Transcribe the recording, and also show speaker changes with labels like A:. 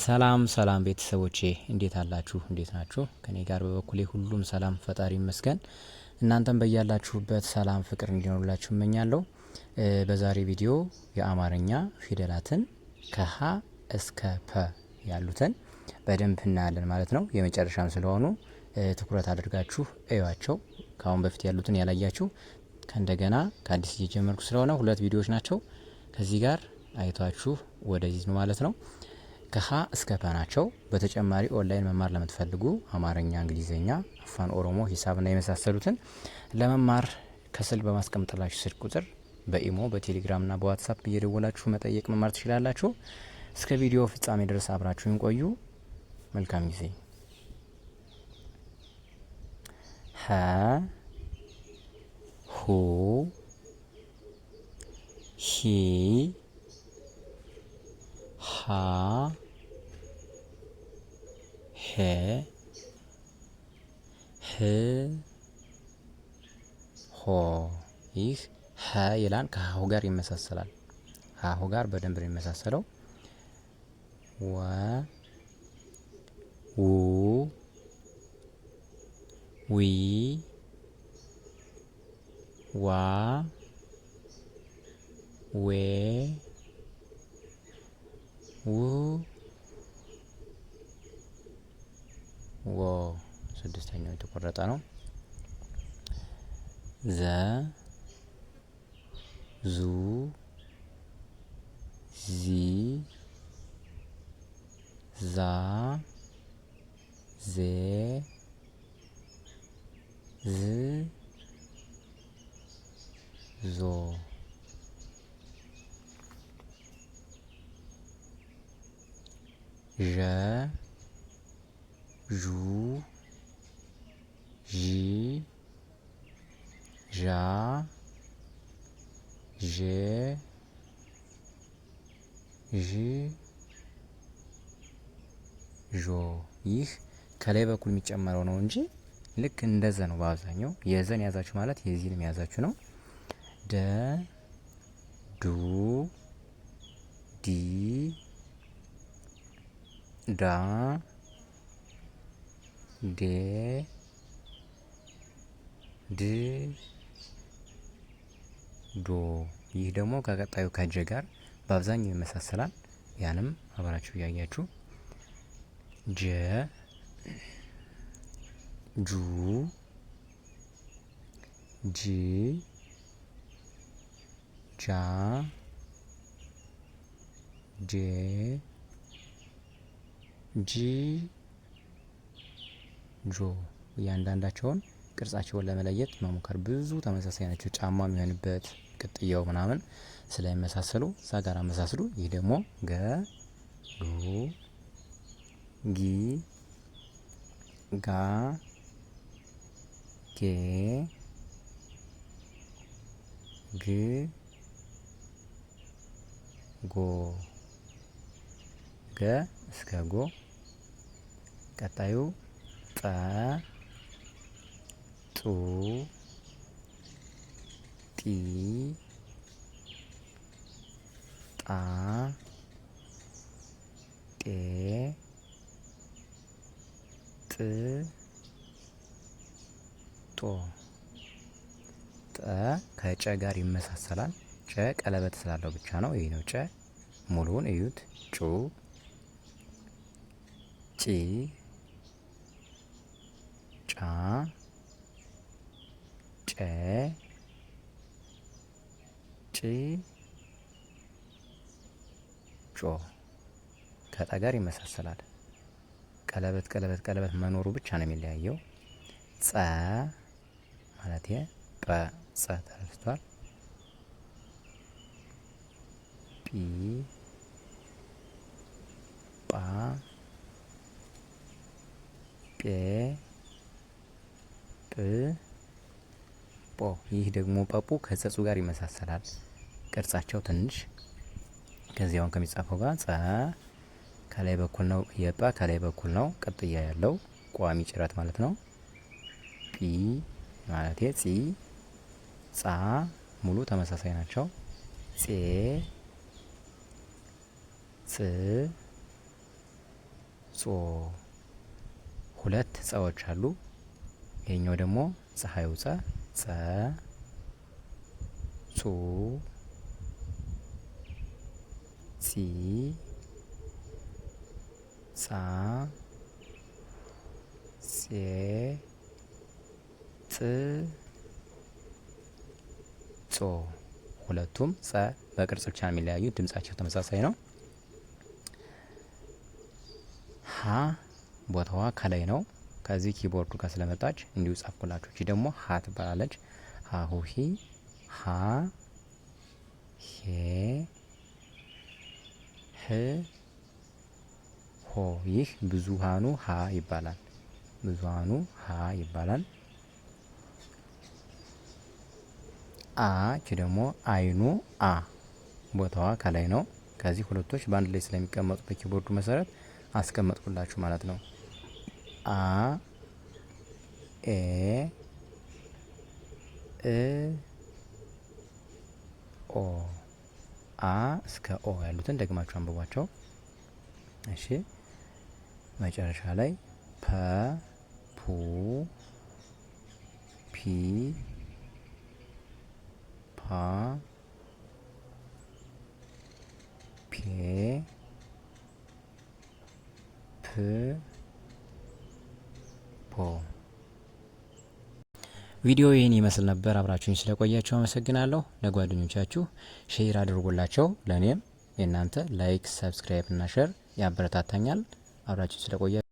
A: ሰላም ሰላም ቤተሰቦቼ እንዴት አላችሁ? እንዴት ናችሁ? ከኔ ጋር በበኩሌ ሁሉም ሰላም ፈጣሪ ይመስገን። እናንተም በያላችሁበት ሰላም ፍቅር እንዲኖሩላችሁ እመኛለሁ። በዛሬ ቪዲዮ የአማርኛ ፊደላትን ከሀ እስከ ፐ ያሉትን በደንብ እናያለን ማለት ነው። የመጨረሻም ስለሆኑ ትኩረት አድርጋችሁ እዩዋቸው። ከአሁን በፊት ያሉትን ያላያችሁ ከእንደገና ከአዲስ እየጀመርኩ ስለሆነ ሁለት ቪዲዮዎች ናቸው። ከዚህ ጋር አይቷችሁ ወደዚህ ማለት ነው ከሀ እስከ ፐ ናቸው። በተጨማሪ ኦንላይን መማር ለምትፈልጉ አማርኛ፣ እንግሊዝኛ፣ አፋን ኦሮሞ፣ ሂሳብና የመሳሰሉትን ለመማር ከስል በማስቀምጥላችሁ ስልክ ቁጥር በኢሞ በቴሌግራምና በዋትሳፕ እየደወላችሁ መጠየቅ መማር ትችላላችሁ። እስከ ቪዲዮ ፍጻሜ ድረስ አብራችሁን ቆዩ። መልካም ጊዜ። ሀ ሁ ሂ ሃ ሄ ሆ ይህ ሀ ይላል። ከሀሁ ጋር ይመሳሰላል። ሀሁ ጋር በደንብ ነው የሚመሳሰለው። ወ ው ዊ ዋ ዌ ው ስድስተኛው የተቆረጠ ነው። ዘ ዙ ዚ ዛ ዜ ዝ ዞ ዠ ዡ ዢ ዣ ዤ ዥ ዦ ይህ ከላይ በኩል የሚጨመረው ነው እንጂ ልክ እንደዘ ነው። በአብዛኛው የዘን የያዛችሁ ማለት የዚህንም የያዛችሁ ነው። ደ ዱ ዲ ዳ ዴ ድ ዶ ይህ ደግሞ ከቀጣዩ ከጀ ጋር በአብዛኛው ይመሳሰላል። ያንም አብራችሁ እያያችሁ ጀ ጁ ጂ ጃ ጄ ጂ ጆ እያንዳንዳቸውን ቅርጻቸውን ለመለየት መሞከር ብዙ ተመሳሳይ ናቸው። ጫማ የሚሆንበት ቅጥያው ምናምን ስለሚመሳሰሉ እዛ ጋር አመሳስሉ። ይህ ደግሞ ገ ጉ ጊ ጋ ጌ ግ ጎ ገ እስከ ጎ ቀጣዩ ጠ ጡ ጢ ጣ ጤ ጥ ጦ ጠ ከጨ ጋር ይመሳሰላል። ጨ ቀለበት ስላለው ብቻ ነው። ይህ ነው ጨ። ሙሉውን እዩት። ጩ ጪ ጫ ጨ ጭ ጮ ከጠ ጋር ይመሳሰላል። ቀለበት ቀለበት ቀለበት መኖሩ ብቻ ነው የሚለያየው። ጸ ማለት የጰ ጸ ተረስቷል። ጲ ጳ ጴ ጵ ጳጳ። ይህ ደግሞ ጳጳ ከጸጹ ጋር ይመሳሰላል ቅርጻቸው ትንሽ ከዚያውን ከሚጻፈው ጋር ጸ ከላይ በኩል ነው። የጳ ከላይ በኩል ነው ቅጥያ ያለው ቋሚ ጭረት ማለት ነው። ፒ ማለት ጺ ጻ ሙሉ ተመሳሳይ ናቸው። ጼ ጽ ጾ ሁለት ጸዎች አሉ። ይሄኛው ደግሞ ፀሐዩ ጸ ፀ ጹ ጺ ጻ ጼ ጥ ጾ ሁለቱም ጸ በቅርጽ ብቻ ነው የሚለያዩ፣ ድምጻቸው ተመሳሳይ ነው። ሀ ቦታዋ ከላይ ነው። ከዚህ ኪቦርዱ ጋር ስለመጣች እንዲሁ ጻፍኩላችሁ። እቺ ደግሞ ሀ ትባላለች። ሀሁሂ ሀ ሄ ህ ሆ። ይህ ብዙሃኑ ሀ ይባላል። ብዙሃኑ ሀ ይባላል። አ እቺ ደግሞ አይኑ አ ቦታዋ ከላይ ነው። ከዚህ ሁለቶች በአንድ ላይ ስለሚቀመጡ በኪቦርዱ መሰረት አስቀመጥኩላችሁ ማለት ነው። አ ኤ እ ኦ አ እስከ ኦ ያሉትን ደግማችሁ አንብቧቸው። እሺ መጨረሻ ላይ ፐ ፑ ፒ ፓ ፔ ፕ ቪዲዮ ይህን ይመስል ነበር። አብራችሁኝ ስለቆያችሁ አመሰግናለሁ። ለጓደኞቻችሁ ሼር አድርጎላቸው። ለእኔም የእናንተ ላይክ፣ ሰብስክራይብ እና ሼር ያበረታታኛል። አብራችሁኝ ስለቆያ